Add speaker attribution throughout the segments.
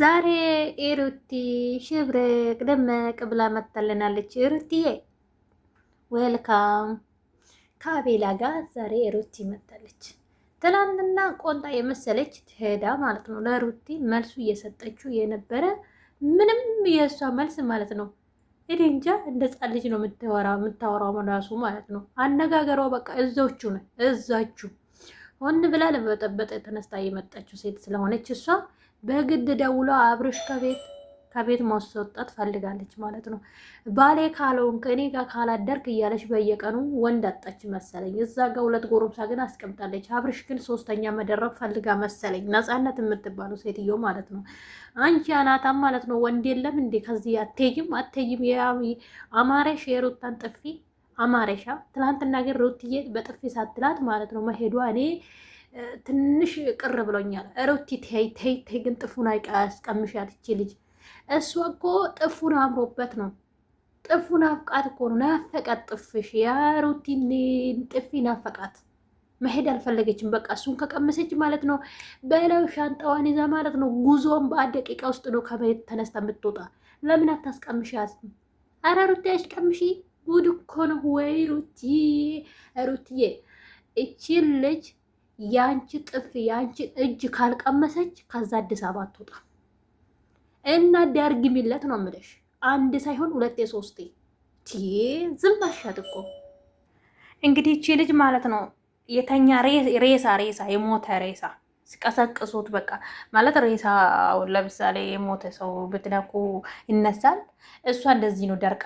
Speaker 1: ዛሬ ኤሩቲ ሽብርቅ ደመቅ ብላ መጥታለናለች። ኤሩቲዬ ዌልካም ከአቤላ ጋር ዛሬ ኤሩቲ መጥታለች። ትናንትና ቆንጣ የመሰለች ትሄዳ ማለት ነው ለሩቲ መልሱ እየሰጠችው የነበረ ምንም የእሷ መልስ ማለት ነው እኔ እንጃ እንደ ጻልጅ ልጅ ነው የምታወራው ራሱ ማለት ነው። አነጋገሯ በቃ እዛችሁ ነው እዛችሁ ሆን ብላ ለመበጠበጥ ተነስታ የመጣችው ሴት ስለሆነች እሷ በግድ ደውሎ አብርሽ ከቤት ከቤት ማስወጣት ፈልጋለች ማለት ነው። ባሌ ካለውን ከእኔ ጋር ካላደርክ እያለች በየቀኑ ወንድ አጣች መሰለኝ። እዛ ጋር ሁለት ጎረምሳ ግን አስቀምጣለች። አብርሽ ግን ሶስተኛ መደረብ ፈልጋ መሰለኝ ነፃነት የምትባለው ሴትዮ ማለት ነው። አንቺ አናታም ማለት ነው። ወንድ የለም እንዴ? ከዚህ አትሄጂም አትሄጂም። አማረሽ የሩታን ጥፊ አማረሻ ትናንትና ግን ሩትዬ በጥፊ ሳትላት ማለት ነው መሄዷ እኔ ትንሽ ቅር ብሎኛል። ሩቲ ተይ ተይ ተይ፣ ግን ጥፉን አይቀምሽ ያለች ልጅ እሷ እኮ ጥፉን አምሮበት ነው ጥፉን አፍቃት እኮ ነው ናፈቃት። ጥፍሽ ያ ሩቲ ጥፊ ናፈቃት መሄድ አልፈለገችም። በቃ እሱን ከቀመሰች ማለት ነው በለው ሻንጣዋን ይዛ ማለት ነው ጉዞን በአንድ ደቂቃ ውስጥ ነው ከመሬት ተነስታ የምትወጣ። ለምን አታስቀምሽ? አረ ሩቲ አይሽ ቀምሺ ጉድ እኮ ነው። ወይ ሩትዬ፣ ሩትዬ እቺን ልጅ ያንቺ ጥፍ ያንቺ እጅ ካልቀመሰች ከዛ አዲስ አበባ አትወጣም። እና ዳርግሚለት ነው የምልሽ። አንድ ሳይሆን ሁለቴ ሶስቴ። ትዬ ዝም ባሻት እኮ እንግዲህ እቺ ልጅ ማለት ነው የተኛ ሬሳ ሬሳ የሞተ ሬሳ ሲቀሰቅሱት በቃ ማለት ሬሳ አሁን ለምሳሌ የሞተ ሰው ብትነኩ ይነሳል። እሷ እንደዚህ ነው ደርቃ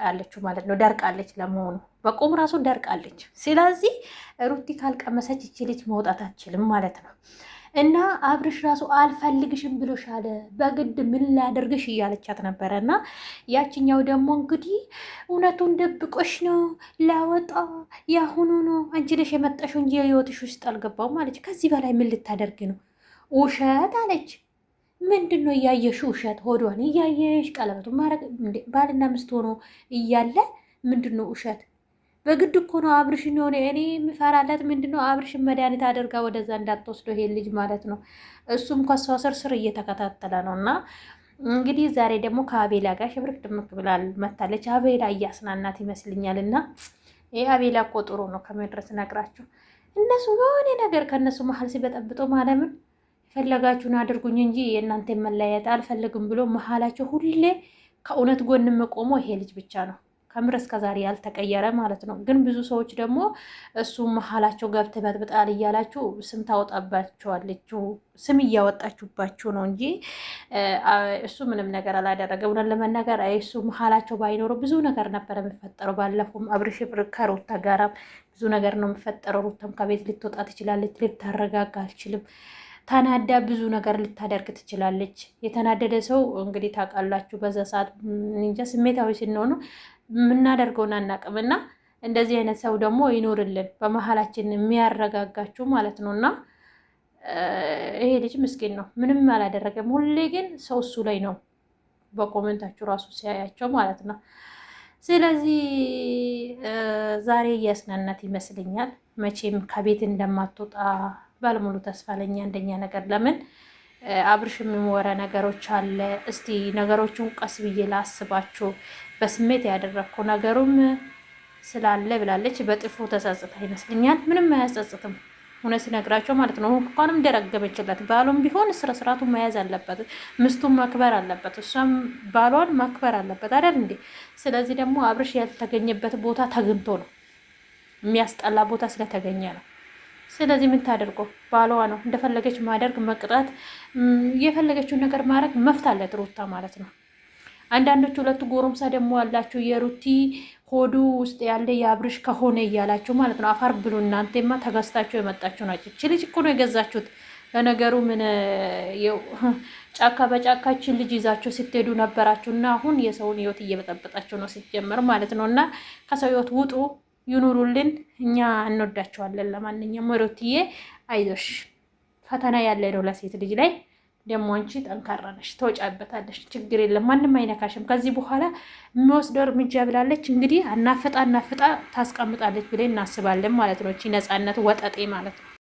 Speaker 1: ማለት ነው። ደርቃለች፣ ለመሆኑ በቁም ራሱ ደርቃለች። ስለዚህ ሩቲ ካልቀመሰች ይችልች መውጣት አችልም ማለት ነው። እና አብርሽ ራሱ አልፈልግሽም ብሎሻል በግድ ምን ላደርግሽ እያለቻት ነበረ። እና ያችኛው ደግሞ እንግዲህ እውነቱን ደብቆሽ ነው ላወጣ ያሁኑ ነው አንቺ ነሽ የመጣሽው እንጂ የህይወትሽ ውስጥ አልገባው ማለች። ከዚህ በላይ ምን ልታደርግ ነው? ውሸት አለች። ምንድን ነው እያየሽ ውሸት ሆዷን እያየሽ ቀለበቱ ባልና ምስት ሆኖ እያለ ምንድን ነው ውሸት በግድ እኮ ነው አብርሽን የሆነ እኔ የምፈራለት ምንድነው አብርሽን መድኃኒት አድርጋ ወደዛ እንዳትወስዶ ይሄ ልጅ ማለት ነው። እሱም ከሷ ስር ስር እየተከታተለ ነው እና እንግዲህ ዛሬ ደግሞ ከአቤላ ጋር ሽብርቅ ድምቅ ብላል መታለች። አቤላ እያስናናት ይመስልኛል። እና ይህ አቤላ እኮ ጥሩ ነው ከመድረስ ነግራችሁ እነሱ የሆነ ነገር ከእነሱ መሀል ሲበጠብጦ ማለምን የፈለጋችሁን አድርጉኝ እንጂ የእናንተ መለያየት አልፈልግም ብሎ መሀላቸው ሁሌ ከእውነት ጎን መቆሞ ይሄ ልጅ ብቻ ነው። ከምር እስከ ዛሬ ያልተቀየረ ማለት ነው። ግን ብዙ ሰዎች ደግሞ እሱ መሀላቸው ገብት በጥብጣል እያላችሁ ስም ታወጣባቸዋለችው ስም እያወጣችሁባችሁ ነው እንጂ እሱ ምንም ነገር አላደረገ እውነት ለመናገር እሱ መሀላቸው ባይኖረው ብዙ ነገር ነበር የሚፈጠረው። ባለፈውም አብርሽ ከሩታ ጋራም ብዙ ነገር ነው የሚፈጠረው። ሩታም ከቤት ልትወጣ ትችላለች፣ ልታረጋጋ አልችልም ተናዳ ብዙ ነገር ልታደርግ ትችላለች። የተናደደ ሰው እንግዲህ ታውቃላችሁ፣ በዛ ሰዓት እንጃ ስሜታዊ ስንሆኑ የምናደርገውን አናቅም እና እንደዚህ አይነት ሰው ደግሞ ይኖርልን በመሀላችን የሚያረጋጋችሁ ማለት ነው። እና ይሄ ልጅ ምስኪን ነው፣ ምንም አላደረገም። ሁሌ ግን ሰው እሱ ላይ ነው በኮመንታችሁ ራሱ ሲያያቸው ማለት ነው። ስለዚህ ዛሬ እያስናናት ይመስለኛል። መቼም ከቤት እንደማትወጣ ባለሙሉ ተስፋ ለኛ አንደኛ ነገር ለምን አብርሽ የሚወረ ነገሮች አለ። እስቲ ነገሮቹን ቀስ ብዬ ላስባችሁ፣ በስሜት ያደረግኩ ነገሩም ስላለ ብላለች። በጥፎ ተጸጽታ ይመስለኛል። ምንም አያጸጽትም እውነት ሲነግራቸው ማለት ነው። እንኳንም ደረገመችለት። ባሏም ቢሆን ስነ መያዝ አለበት፣ ምስቱን መክበር አለበት፣ እሷም ባሏን መክበር አለበት አይደል እንዴ? ስለዚህ ደግሞ አብርሽ ያልተገኘበት ቦታ ተገኝቶ ነው፣ የሚያስጠላ ቦታ ስለተገኘ ነው። ስለዚህ የምታደርገው ባሏ ነው። እንደፈለገች ማደርግ፣ መቅጣት፣ የፈለገችውን ነገር ማድረግ መፍት አለት ሩታ ማለት ነው። አንዳንዶቹ ሁለቱ ጎረምሳ ደግሞ ያላችሁ የሩቲ ሆዱ ውስጥ ያለ የአብርሽ ከሆነ እያላችሁ ማለት ነው። አፋር ብሉ እናንተማ፣ ተገዝታችሁ የመጣችሁ ናቸው። እቺ ልጅ እኮ ነው የገዛችሁት። ለነገሩ ምን ጫካ በጫካችን ልጅ ይዛችሁ ስትሄዱ ነበራችሁ እና አሁን የሰውን ህይወት እየበጠበጣችሁ ነው ሲጀመር ማለት ነው። እና ከሰው ህይወት ውጡ። ይኑሩልን። እኛ እንወዳቸዋለን። ለማንኛውም ሩትዬ አይዞሽ፣ ፈተና ያለ ነው ለሴት ልጅ ላይ ደግሞ አንቺ ጠንካራ ነሽ፣ ተወጫበታለሽ። ችግር የለም፣ ማንም አይነካሽም። ከዚህ በኋላ የሚወስደው እርምጃ ብላለች። እንግዲህ አናፍጣ አናፍጣ ታስቀምጣለች ብለን እናስባለን ማለት ነው። እቺ ነፃነት ወጠጤ ማለት ነው።